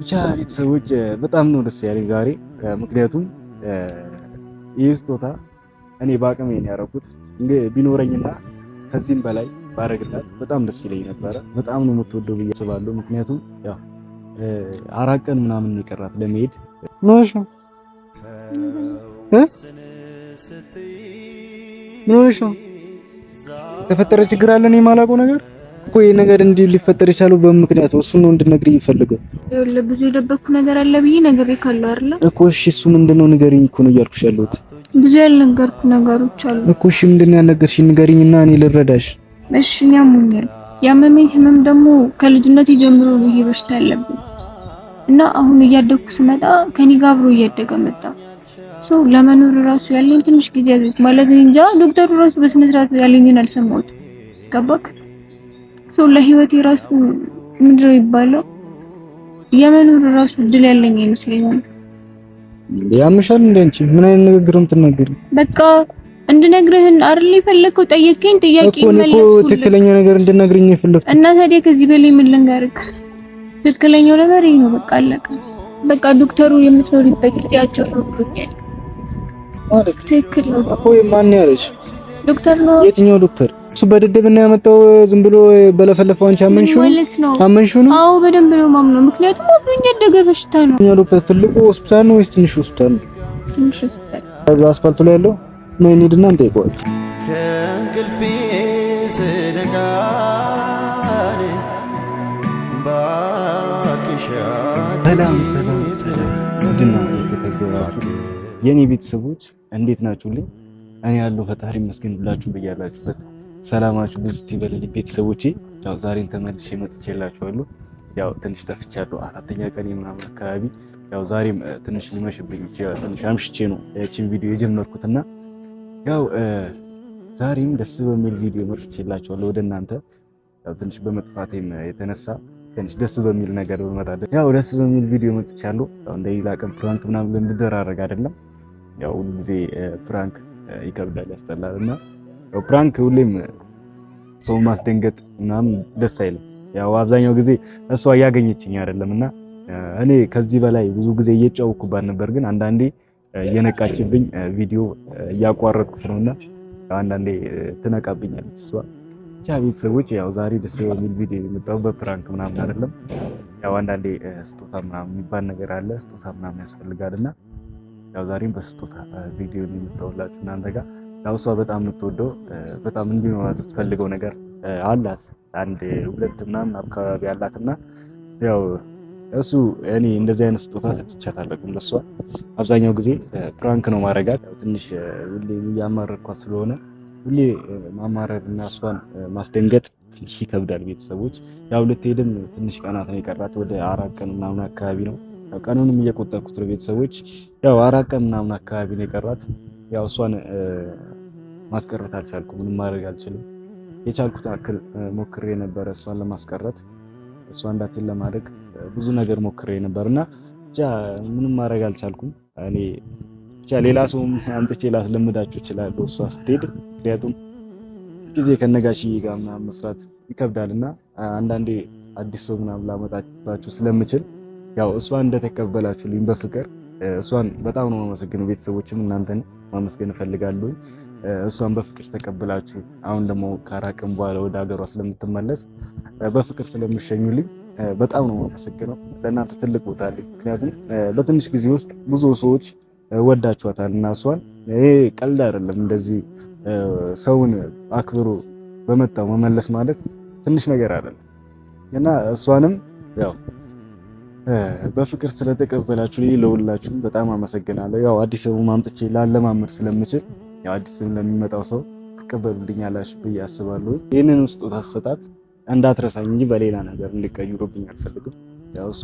ብቻ ቤተሰቦች በጣም ነው ደስ ያለኝ ዛሬ። ምክንያቱም ይህ ስጦታ እኔ በአቅሜ ነው ያደረኩት። ቢኖረኝና ከዚህም በላይ ባረግላት በጣም ደስ ይለኝ ነበረ። በጣም ነው የምትወደው ብዬ አስባለሁ። ምክንያቱም ያው አራት ቀን ምናምን የቀራት ለመሄድ ምን ሆነሽ ነው? የተፈጠረ ችግር አለ? እኔ የማላውቀው ነገር እኮ ይሄ ነገር እንዲህ ሊፈጠር የቻለው በምክንያት እሱ ነው እንድነግርህ እየፈለገው። ይኸውልህ ብዙ የደበቅኩ ነገር አለ ብዬ ነገር ካለው አይደለ እኮ። እሺ እሱ ምንድነው ንገሪኝ እኮ ነው እያልኩሽ ያለሁት። ብዙ ያልነገርኩ ነገሮች አሉ እኮ። እሺ ምንድነው ያልነገርሽኝ? ንገሪኝና እኔ ልረዳሽ። እሺ ያሙኛል። ያመመኝ ህመም ደግሞ ከልጅነት ጀምሮ ነው ይሄ በሽታ ያለብኝ እና አሁን እያደግኩ ስመጣ ከኔ ጋር አብሮ እያደገ መጣ። ሰው ለመኖር ራሱ ያለኝ ትንሽ ጊዜ ያዘች ማለት እንጃ። ዶክተሩ ራሱ በስነ ስርዓት ያለኝን አልሰማሁትም። ገባክ? ሰው ለህይወት የራሱ ምንድን ነው የሚባለው የመኖር ራሱ እድል ያለኝ አይመስለኝም። ያምሻል እንዴ አንቺ ምን አይነት ንግግርም ትናገሪ? በቃ እንድነግርህን አይደል የፈለከው? ጠየቀኝ ጥያቄ መለስኩልህ እኮ ትክክለኛ ነገር እንድነግርኝ የፈለኩት እና ታዲያ ከዚህ በላይ ምን ልንገርህ? ትክክለኛው ነገር ይሄ ነው። በቃ አለቀ። በቃ ዶክተሩ የምትኖሪበት ጊዜ አጭር ነው ብሎኛል። ትክክል ነው ማን ያለሽ? ዶክተር ነው። የትኛው ዶክተር እሱ እና ያመጣው ዝም ብሎ በለፈለፈው አንቺ አመንሽው ነው አመንሽው ነው። አዎ በደንብ ነው የማምነው፣ ምክንያቱም አብሮኝ ያደገ በሽታ ነው። እኛ ዶክተር፣ ትልቁ ሆስፒታል ነው ወይስ ትንሹ ሆስፒታል ነው? ትንሹ ሆስፒታል። እዛ አስፋልቱ ላይ ያለው ነው። እንሂድና እንጠይቀዋለን። ከእንቅልፌ ስነቃ ሰላም ሰላም ሰላም። ድና የተከበራችሁ የኔ ቤተሰቦች እንዴት ናችሁልኝ? እኔ ያለው ፈጣሪ መስገን ብላችሁ በያላችሁበት ሰላማችሁ ብዝት ይበልልኝ ቤተሰቦቼ። ያው ዛሬን ተመልሼ መጥቼላችኋለሁ። ያው ትንሽ ጠፍቻለሁ፣ አራተኛ ቀን ምናምን አካባቢ። ያው ዛሬም ትንሽ ሊመሽብኝ ይችላል። ትንሽ አምሽቼ ነው ያቺን ቪዲዮ የጀመርኩትና ያው ዛሬም ደስ በሚል ቪዲዮ መጥቼላችኋለሁ ወደ እናንተ። ያው ትንሽ በመጥፋቴም የተነሳ ትንሽ ደስ በሚል ነገር በመጣደ ያው ደስ በሚል ቪዲዮ መጥቻለሁ። ያው እንደ ሌላ ቀን ፕራንክ ምናምን ልንደራረግ አይደለም። ያው ሁልጊዜ ፕራንክ ይከብዳል፣ ያስጠላል እና ፕራንክ ሁሌም ሰው ማስደንገጥ ምናምን ደስ አይልም። ያው አብዛኛው ጊዜ እሷ እያገኘችኝ አይደለም እና እኔ ከዚህ በላይ ብዙ ጊዜ እየጫወኩባት ነበር፣ ግን አንዳንዴ እየነቃችብኝ ቪዲዮ እያቋረጥኩት ነውና አንዳንዴ ትነቃብኛለች እሷ። ብቻ ቤተሰቦች ያው ዛሬ ደስ የሚል ቪዲዮ የመጣው በፕራንክ ምናምን አይደለም። ያው አንዳንዴ ስጦታ ምናምን የሚባል ነገር አለ፣ ስጦታ ምናምን ያስፈልጋልና ያው ዛሬም በስጦታ ቪዲዮ የመጣሁላችሁ እናንተ ጋር ያው እሷ በጣም የምትወደው በጣም እንዲኖራት ትፈልገው ነገር አላት። አንድ ሁለት ምናምን አካባቢ አላት እና ያው እሱ እኔ እንደዚህ አይነት ስጦታ ሰጥቻታለሁ ለእሷ። አብዛኛው ጊዜ ፕራንክ ነው ማድረጋት። ትንሽ ሁሌ እያማረርኳት ስለሆነ ሁሌ ማማረር እና እሷን ማስደንገጥ ትንሽ ይከብዳል። ቤተሰቦች ያው ልትሄድም ትንሽ ቀናት ነው የቀራት፣ ወደ አራት ቀን ምናምን አካባቢ ነው። ቀኑንም እየቆጠርኩት ነው ቤተሰቦች። ያው አራት ቀን ምናምን አካባቢ ነው የቀራት ያው እሷን ማስቀረት አልቻልኩም። ምንም ማድረግ አልችልም። የቻልኩት አክል ሞክሬ ነበረ እሷን ለማስቀረት እሷ እንዳትል ለማድረግ ብዙ ነገር ሞክሬ ነበር እና ብቻ ምንም ማድረግ አልቻልኩም። እኔ ብቻ ሌላ ሰውም አምጥቼ ላስለምዳችሁ እችላለሁ እሷ ስትሄድ። ምክንያቱም ጊዜ ከነጋሽዬ ጋር ምናምን መስራት ይከብዳል እና አንዳንዴ አዲስ ሰው ምናምን ላመጣባችሁ ስለምችል ያው እሷ እንደተቀበላችሁልኝ በፍቅር እሷን በጣም ነው ማመሰግነው ቤተሰቦችም እናንተን ማመስገን እፈልጋለሁ። እሷን በፍቅር ተቀብላችሁ አሁን ደግሞ ከአራቅም በኋላ ወደ ሀገሯ ስለምትመለስ በፍቅር ስለምሸኙልኝ በጣም ነው ማመሰግነው ለእናንተ ትልቅ ቦታ አለኝ። ምክንያቱም በትንሽ ጊዜ ውስጥ ብዙ ሰዎች ወዳችኋታል እና እሷን ይሄ ቀልድ አይደለም። እንደዚህ ሰውን አክብሮ በመጣው መመለስ ማለት ትንሽ ነገር አይደለም እና እሷንም ያው በፍቅር ስለተቀበላችሁ ላይ ለሁላችሁም በጣም አመሰግናለሁ። ያው አዲስ አበባ ማምጥቼ ላለማመድ ስለምችል ያው አዲስ ለሚመጣው ሰው አላችሁ ብዬ አስባለሁ። ይህንን ስጦታ አሰጣጥ እንዳትረሳኝ እንጂ በሌላ ነገር እንዲቀይሩብኝ አልፈልግም። ያው እሷ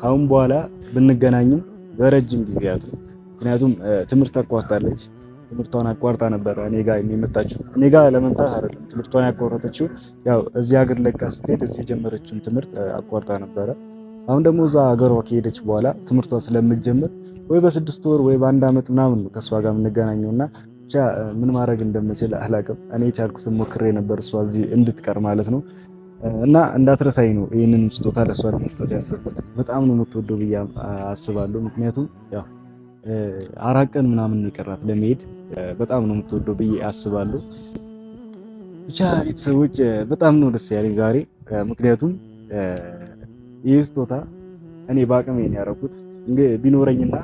ካሁን በኋላ ብንገናኝም በረጅም ጊዜያት ምክንያቱም ትምህርት አቋርጣለች። ትምህርቷን አቋርጣ ነበረ እኔ የመጣችው እኔ ለመምጣት አይደለም። ትምህርቷን ያቋረጠችው ያው እዚህ ሀገር ለቃ ስትሄድ እዚህ የጀመረችውን ትምህርት አቋርጣ ነበረ። አሁን ደግሞ እዛ ሀገሯ ከሄደች በኋላ ትምህርቷ ስለምትጀምር ወይ በስድስት ወር ወይ በአንድ አመት ምናምን ነው ከእሷ ጋር እና ብቻ ምን ማድረግ እንደምችል አላቅም። እኔ የቻልኩትን ሞክሬ ነበር እሷ እዚህ እንድትቀር ማለት ነው። እና እንዳትረሳኝ ነው ይህንን ስጦታ ለእሷ ለመስጠት ያሰብኩት። በጣም ነው የምትወደው ብዬ አስባለሁ። ምክንያቱም ያው አራት ቀን ምናምን የቀራት ለመሄድ በጣም ነው የምትወደው ብዬ አስባለሁ። ብቻ ቤተሰቦች በጣም ነው ደስ ያለኝ ዛሬ ምክንያቱም ይህ ስጦታ እኔ በአቅሜ ነው ያደረኩት። ቢኖረኝና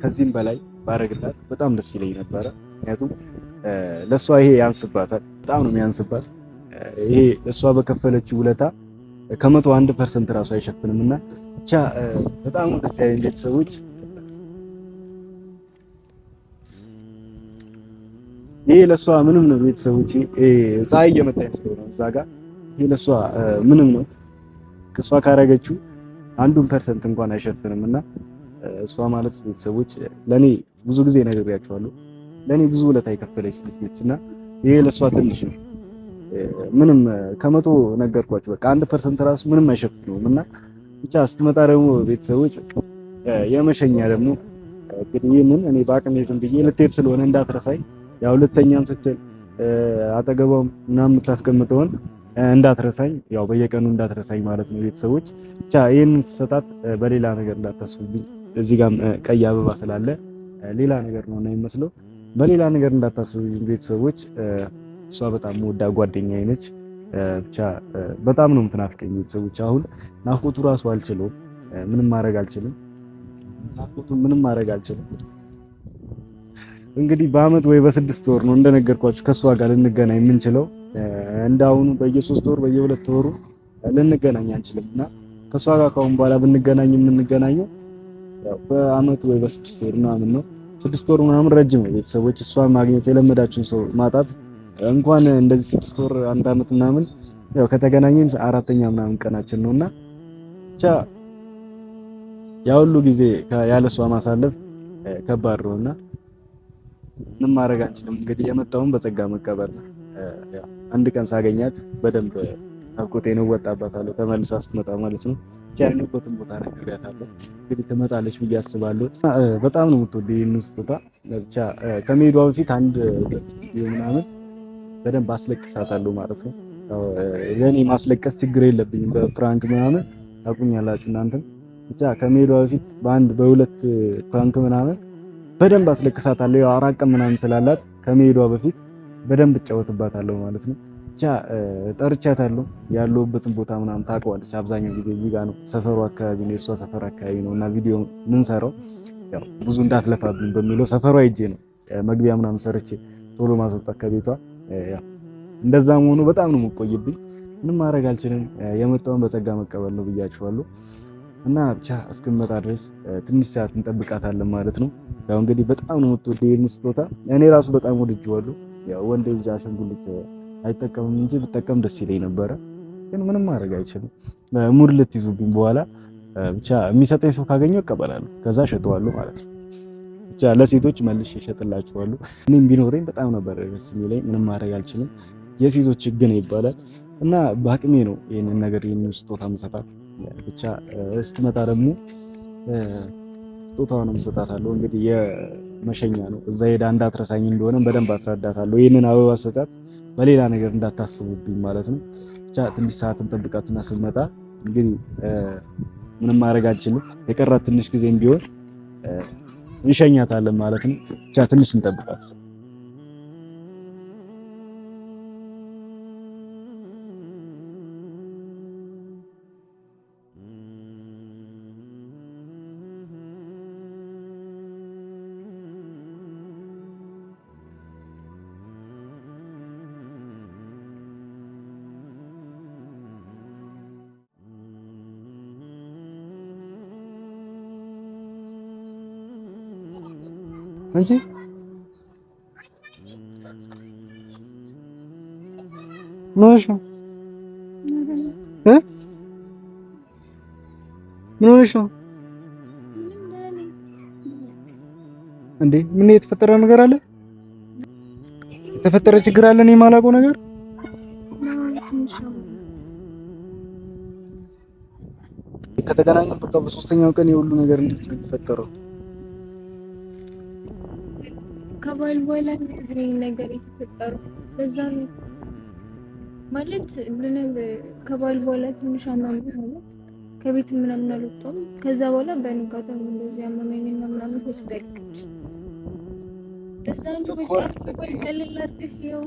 ከዚህም በላይ ባረግላት በጣም ደስ ይለኝ ነበረ። ምክንያቱም ለእሷ ይሄ ያንስባታል፣ በጣም ነው የሚያንስባት። ይሄ እሷ በከፈለችው ውለታ ከመቶ አንድ ፐርሰንት እራሱ አይሸፍንም እና ብቻ በጣም ደስ ያለኝ ቤተሰቦች ይሄ ለሷ ምንም ነው ቤተሰቦች። ፀሐይ እየመታኝ ስለሆነ እዛ ጋር ይሄ ለሷ ምንም ነው። እሷ ካረገችው አንዱን ፐርሰንት እንኳን አይሸፍንም እና እሷ ማለት ቤተሰቦች ለኔ ብዙ ጊዜ ነግሬያቸዋለሁ። ለኔ ብዙ ውለታ የከፈለች ልጅ ነች እና ይሄ ለእሷ ትንሽ ምንም ከመቶ ነገርኳችሁ፣ በቃ አንድ ፐርሰንት ራሱ ምንም አይሸፍነውም እና ብቻ ስትመጣ ደግሞ ቤተሰቦች የመሸኛ ደግሞ እንግዲህ ይህንን እኔ በአቅሜ ዝም ብዬ ልትሄድ ስለሆነ እንዳትረሳይ፣ ያው ሁለተኛም ስትል አጠገቧም ምናምን የምታስቀምጠውን እንዳትረሳኝ፣ ያው በየቀኑ እንዳትረሳኝ ማለት ነው። ቤተሰቦች ብቻ ይህን ስሰጣት በሌላ ነገር እንዳታስብብኝ እዚህ ጋም ቀይ አበባ ስላለ ሌላ ነገር ነው እና የሚመስለው በሌላ ነገር እንዳታስብብኝ ቤተሰቦች። እሷ በጣም ወዳ ጓደኛ ነች። ብቻ በጣም ነው የምትናፍቀኝ ቤተሰቦች። አሁን ናፍቆቱ ራሱ አልችለውም። ምንም ማድረግ አልችልም። ናፍቆቱ ምንም ማድረግ አልችልም። እንግዲህ በአመት ወይ በስድስት ወር ነው እንደነገርኳችሁ ከእሷ ጋር ልንገናኝ የምንችለው። እንዳሁኑ በየሶስት ወር በየሁለት ወሩ ልንገናኝ አንችልም እና ከሷ ጋር ካሁን በኋላ ብንገናኝ የምንገናኘው በአመት ወይ በስድስት ወር ምናምን ነው። ስድስት ወር ምናምን ረጅም ነው። ቤተሰቦች እሷን ማግኘት የለመዳችሁን ሰው ማጣት እንኳን እንደዚህ ስድስት ወር አንድ አመት ምናምን ያው ከተገናኘን አራተኛ ምናምን ቀናችን ነውና ብቻ ያ ሁሉ ጊዜ ያለሷ ማሳለፍ ከባድ ነውና ምንም ማድረግ አንችልም። እንግዲህ የመጣውን በጸጋ መቀበል ነው። አንድ ቀን ሳገኛት በደንብ አብቆቴን እወጣባታለሁ ተመልሳ ስትመጣ ማለት ነው። ያለንበትን ቦታ ነግሬያታለሁ። እንግዲህ ትመጣለች ብዬ አስባለሁ። በጣም ነው የምትወደው ይህን ስጦታ። ብቻ ከመሄዷ በፊት አንድ ምናምን በደንብ አስለቅሳታለሁ ማለት ነው። ለእኔ ማስለቀስ ችግር የለብኝም በፕራንክ ምናምን ታቁኛላችሁ እናንተም። ብቻ ከመሄዷ በፊት በአንድ በሁለት ፕራንክ ምናምን በደንብ አስለቅሳታለሁ። ያው አራት ቀን ምናምን ስላላት ከመሄዷ በፊት በደንብ እጫወትባታለሁ ማለት ነው። ብቻ ጠርቻታለሁ። ያለሁበትን ቦታ ምናምን ታውቀዋለች። አብዛኛው ጊዜ እዚህ ጋር ነው ሰፈሩ አካባቢ ነው የእሷ ሰፈር አካባቢ ነው እና ቪዲዮ ምንሰራው ብዙ እንዳትለፋብኝ በሚለው ሰፈሯ ሂጄ ነው መግቢያ ምናምን ሰርቼ ቶሎ ማስወጣት ከቤቷ እንደዛ መሆኑ በጣም ነው የምቆይብኝ። ምንም ማድረግ አልችልም። የመጣውን በጸጋ መቀበል ነው ብያችኋለሁ። እና ብቻ እስክመጣ ድረስ ትንሽ ሰዓት እንጠብቃታለን ማለት ነው። ያው እንግዲህ በጣም ነው የምትወደው ይህን ስጦታ እኔ ራሱ በጣም ወድጄዋለሁ። ወንድ ልጅ አሻንጉሊት አይጠቀምም እንጂ ብጠቀም ደስ ይለኝ ነበረ፣ ግን ምንም ማድረግ አይችልም። ሙድ ልትይዙብኝ በኋላ ብቻ የሚሰጠኝ ሰው ካገኘው እቀበላለሁ፣ ከዛ እሸጠዋለሁ ማለት ነው። ብቻ ለሴቶች መልሼ እሸጥላችኋለሁ። እኔም ቢኖረኝ በጣም ነበረ ደስ የሚለኝ፣ ምንም ማድረግ አልችልም። የሴቶች ሕግ ነው ይባላል እና በአቅሜ ነው ይህንን ነገር የሚስጦታ ምሰጣት ብቻ ስትመጣ ደግሞ ስጦታውንም እሰጣታለሁ። እንግዲህ የመሸኛ ነው። እዛ ሄዳ እንዳትረሳኝ እንደሆነ በደንብ አስረዳታለሁ። ይህንን አበባ ስጣት፣ በሌላ ነገር እንዳታስቡብኝ ማለት ነው። ብቻ ትንሽ ሰዓትን ጠብቃትና ስመጣ እንግዲህ ምንም ማድረግ አልችልም። የቀራት ትንሽ ጊዜም ቢሆን እንሸኛታለን ማለት ነው። ብቻ ትንሽ እንጠብቃት። እንጂ ምን ሆነሽ ነው እንዴ? ምን የተፈጠረ ነገር አለ? የተፈጠረ ችግር አለ? እኔ የማላውቀው ነገር ከተገናኘን በቃ በሶስተኛው ቀን የሁሉ ነገር እንዴት ነው የሚፈጠረው? ከተባል በኋላ እዚህ ነገር የተፈጠሩ በዛ ነው ማለት ከባል በኋላ ትንሽ አማሚ ማለት ከቤት ምናምን አልወጣም። ከዛ በኋላ በንጋታ እንደዚህ አማሚኝ እና ምናምን ሆስፒታል በዛ ነው በቃ ቀልል አድርገህ ይኸው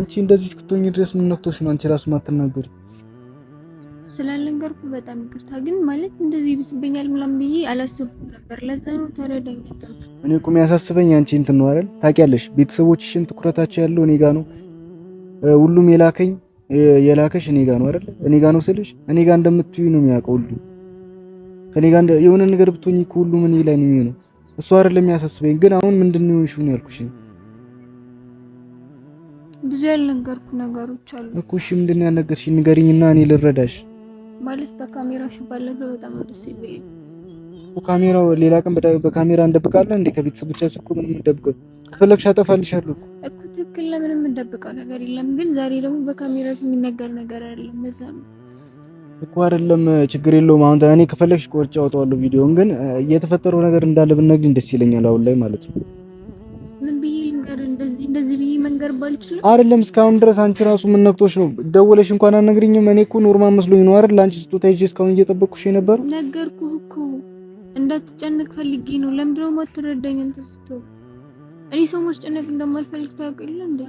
አንቺ እንደዚህ እስክትሆኚ ድረስ ምን ነክቶሽ ነው አንቺ ራሱ ማትናገሪ? ስላልነገርኩ በጣም ይቅርታ። ግን ማለት እንደዚህ ይብስብኛል ምናምን ብዬ አላሰብኩም ነበር። ለዛ ነው ተረዳኝ። እኔ ቁም ያሳስበኝ አንቺ እንትን ነው አይደል? ታውቂያለሽ፣ ቤተሰቦችሽን ትኩረታቸው ያለው እኔ ጋ ነው። ሁሉም የላከኝ የላከሽ እኔ ጋ ነው አይደል? እኔ ጋ ነው ስልሽ እኔ ጋ እንደምትዩ ነው የሚያውቀው ሁሉ ከእኔ ጋ የሆነ ነገር ብትሆኝ እኮ ሁሉም እኔ ላይ ነው የሚሆነው። እሱ አይደለም የሚያሳስበኝ። ግን አሁን ምንድን ነው የሆንሽው ነው ያልኩሽ። ብዙ ያልነገርኩ ነገሮች አሉ እኮ። እሺ ምንድን ነው ያልነገርሽኝ? ንገሪኝና እኔ ልረዳሽ። ማለት በካሜራ ሲባል በጣም ደስ ይበል። ካሜራው ሌላ ቀን በካሜራ እንደብቃለን እንዴ? ከቤተሰቦቻችሁ እኮ ምን እንደብቀው ከፈለግሽ አጠፋልሻለሁ እኮ። ትክክል ነው። ምንም እንደብቀው ነገር የለም። ግን ዛሬ ደግሞ በካሜራ የሚነገር ነገር አለ። ለዛ ነው እኮ አይደለም። ችግር የለውም። አሁን እኔ ከፈለግሽ ቆርጬ አውጣዋለሁ ቪዲዮውን። ግን እየተፈጠረው ነገር እንዳለ ብትነግሪኝ ደስ ይለኛል፣ አሁን ላይ ማለት ነው መናገር ባልችልም አይደለም እስካሁን ድረስ አንቺ ራሱ ምን ነክቶሽ ነው? ደወለሽ እንኳን አነግሪኝም። እኔ እኮ ኖርማል መስሎኝ ነው አይደል? አንቺ ስጦታ ይዤ እስካሁን እየጠበቅኩሽ የነበረው። ነገርኩህ እኮ እንዳትጨነቅ ፈልጌ ነው። ለምንድን ነው የማትረዳኝ? ተስቶ እኔ ሰው ማስጨነቅ እንደማልፈልግ ታውቃለህ እንዴ?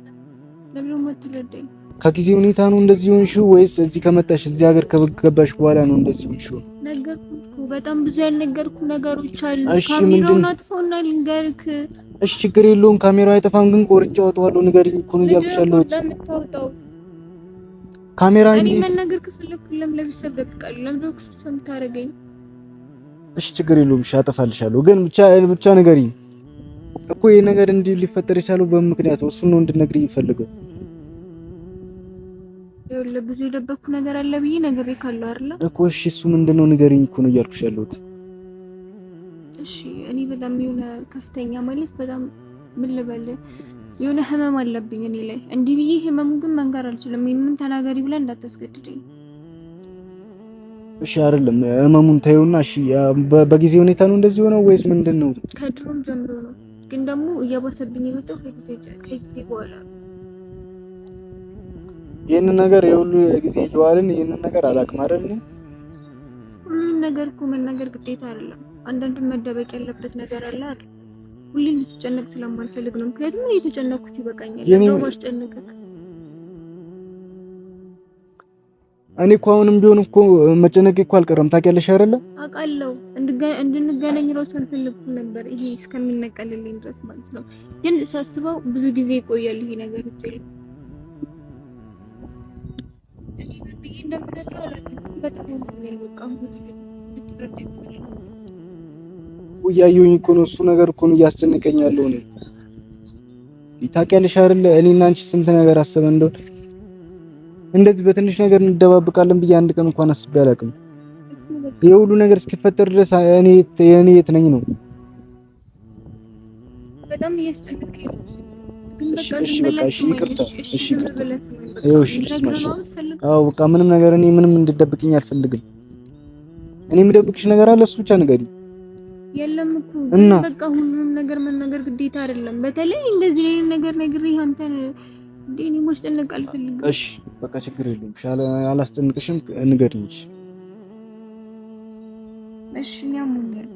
ለምንድን ነው የማትረዳኝ? ከጊዜ ሁኔታ ነው እንደዚህ ሆንሽው ወይስ እዚህ ከመጣሽ እዚህ ሀገር ከገባሽ በኋላ ነው እንደዚህ ሆንሽው? ነገርኩህ እኮ በጣም ብዙ ያልነገርኩህ ነገሮች አሉ። ካሜራውን አጥፋውና ልንገርክ እሺ ችግር የለውም። ካሜራው አይጠፋም፣ ግን ቆርጬ አወጣዋለሁ። ንገሪኝ እኮ ነው እያልኩሽ ያለሁት። ካሜራ እኔ መናገር ከፈለኩ ለቤተሰብ ደብቃለሁ። ለምንድን ነው እሱ የምታደርገኝ? እሺ ችግር የለውም። እሺ አጠፋልሻለሁ፣ ግን ብቻ ብቻ ንገሪኝ እኮ ይሄ ነገር እንዲህ ሊፈጠር የቻለው በምን ነው? እሱን ነው እንድትነግሪኝ የምፈልገው። ብዙ ነገር አለ ብዬ ነግሬ ካለው አይደል እኮ። እሺ እሱ ምንድን ነው ንገሪኝ እኮ ነው እያልኩሽ ያለሁት እሺ እኔ በጣም የሆነ ከፍተኛ ማለት በጣም ምን ልበል የሆነ ህመም አለብኝ እኔ ላይ እንዲህ ብዬ ህመሙ ግን መንገር አልችልም። ምን ተናገሪ ብላ እንዳታስገድደኝ። እሺ አይደለም ህመሙን ታዩና፣ እሺ በጊዜ ሁኔታ ነው እንደዚህ ሆነው ወይስ ምንድን ነው? ከድሮም ጀምሮ ነው፣ ግን ደግሞ እያባሰብኝ የመጣው ከጊዜ በኋላ ይህንን ነገር የሁሉ ጊዜ እየዋልን ይህንን ነገር አላውቅም አይደል? ሁሉን ነገር እኮ መናገር ግዴታ አይደለም። አንዳንድ መደበቅ ያለበት ነገር አለ አይደል? ሁሌ ልትጨነቅ ስለማልፈልግ ነው። ምክንያቱም እኔ የተጨነቅኩት ይበቃኛል። ነው ማስጨነቅክ። እኔ እኮ አሁንም ቢሆን እኮ መጨነቅ እኮ አልቀረም። ታውቂያለሽ አይደለ? አውቃለሁ። እንድንገናኝ ራሱ አልፈለኩም ነበር፣ ይሄ እስከሚነቀልልኝ ድረስ ማለት ነው። ግን ሳስበው ብዙ ጊዜ ይቆያል ይሄ ነገር ይችላል እንደምነግረው በጣም ነው የሚያወቃው ልትረዳ እያየሁኝ እኮ ነው። እሱ ነገር እኮ ነው እያስጨነቀኝ ያለው ነው። ታውቂያለሽ አይደለ እኔና አንቺ ስንት ነገር አሰበ እንደው እንደዚህ በትንሽ ነገር እንደባብቃለን ብዬ አንድ ቀን እንኳን አስቤ አላውቅም። የሁሉ ነገር እስኪፈጠር ድረስ እኔ እኔ የት ነኝ ነው። በጣም እያስጨነቀኝ በቃ ምንም ነገር እኔ ምንም እንድትደብቅኝ አልፈልግም። እኔ የምደብቅሽ ነገር አለ እሱ ብቻ ንገሪኝ። የለም እኮ እና በቃ ሁሉንም ነገር መናገር ግዴታ አይደለም። በተለይ እንደዚህ ላይ ነገር ነግሬህ አንተን ዴኒ ማስጨነቅ አልፈልግም። እሺ በቃ ችግር የለም። ሻለ አላስጨንቅሽም። እንጂ እሺ ያሙኛል።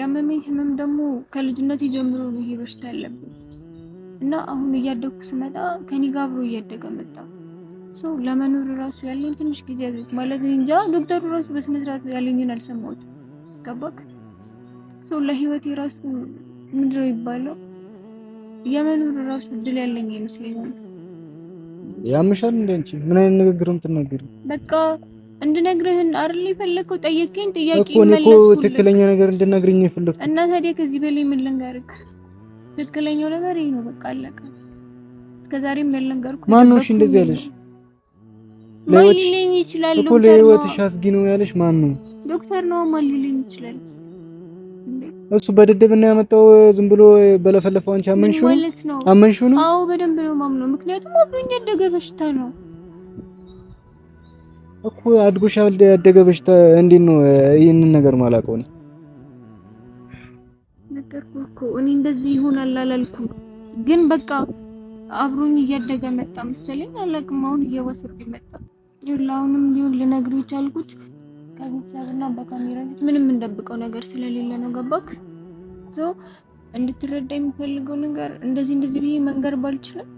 ያመመኝ ህመም ደግሞ ከልጅነት ጀምሮ ነው ይሄ በሽታ ያለብኝ እና አሁን እያደግኩ ስመጣ ከኔ ጋር አብሮ እያደገ መጣ። ሰው ለመኖር ራሱ ያለኝ ትንሽ ጊዜ ያዘች ማለት እንጃ ዶክተሩ ራሱ በስነ ስርዓት ያለኝን አልሰማሁትም። ገባክ? ሰው ለህይወት የራሱ ምንድን ነው ይባለው የመኖር ራሱ እድል ያለኝ ይመስለኛል። ያምሻል እንዴ አንቺ ምን አይነት ንግግር የምትናገሪ? በቃ እንድነግርህን አርል የፈለከው? ጠየቀኝ ጥያቄ መለስኩ እኮ ትክክለኛ ነገር እንድነግርኝ የፈለኩት እና ታዲያ ከዚህ በላይ ምን ልንገርክ? ትክክለኛው ነገር ይሄ ነው። በቃ አለቀ። እስከዛሬም ያልነገርኩት ማን ነው? እሺ እንደዚህ ያለሽ ለህይወትሽ እኮ ለህይወትሽ አስጊ ነው ያለሽ ማን ነው? ዶክተር ነው ማሊልኝ ይችላል። እሱ እና ያመጣው ዝም ብሎ በለፈለፈው አንቺ አመንሽው ነው አመንሽው ነው። አዎ በደንብ ነው ማምነው፣ ምክንያቱም አብሮኝ ያደገ በሽታ ነው እኮ አድጎሽ ያደገ በሽታ። እንዴት ነው ይህንን ነገር ማላውቀው ነው? ነገርኩህ እኮ እኔ እንደዚህ ይሆናል አላልኩም፣ ግን በቃ አብሮኝ እያደገ መጣ መሰለኝ። አላውቅም፣ አሁን እየወሰደ መጣ። ይኸውልህ አሁንም ቢሆን ልነግርህ የቻልኩት ከቤተሰብና በካሜራ ፊት ምንም እንደብቀው ነገር ስለሌለ ነው። ገባክ? እንድትረዳ የሚፈልገው ነገር እንደዚህ እንደዚህ ብዬ መንገር ባልችልም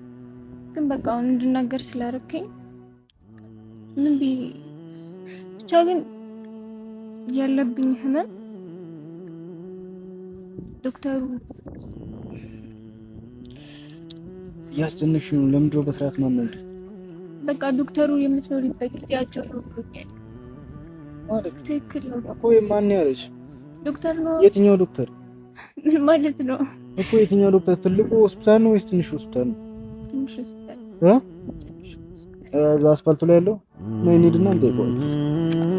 ግን በቃ አሁን እንድናገር ስላደረከኝ ምን ብዬ ብቻ ግን ያለብኝ ህመም ዶክተሩ ያስጨነሽ ነው። ለምድሮ በስርዓት ማመንድ? በቃ ዶክተሩ የምትኖሪበት ጊዜ አጭር ነው ብሎኛል። ትክክል ነው እኮ ማን ያለሽ? ዶክተር ነው። የትኛው ዶክተር? ምን ማለት ነው እኮ የትኛው ዶክተር? ትልቁ ሆስፒታል ነው ወይስ ትንሹ ሆስፒታል ነው? ትንሹ ሆስፒታል። እዛ አስፋልቱ ላይ ያለው ነው። እንሂድና እንጠይቀዋለን።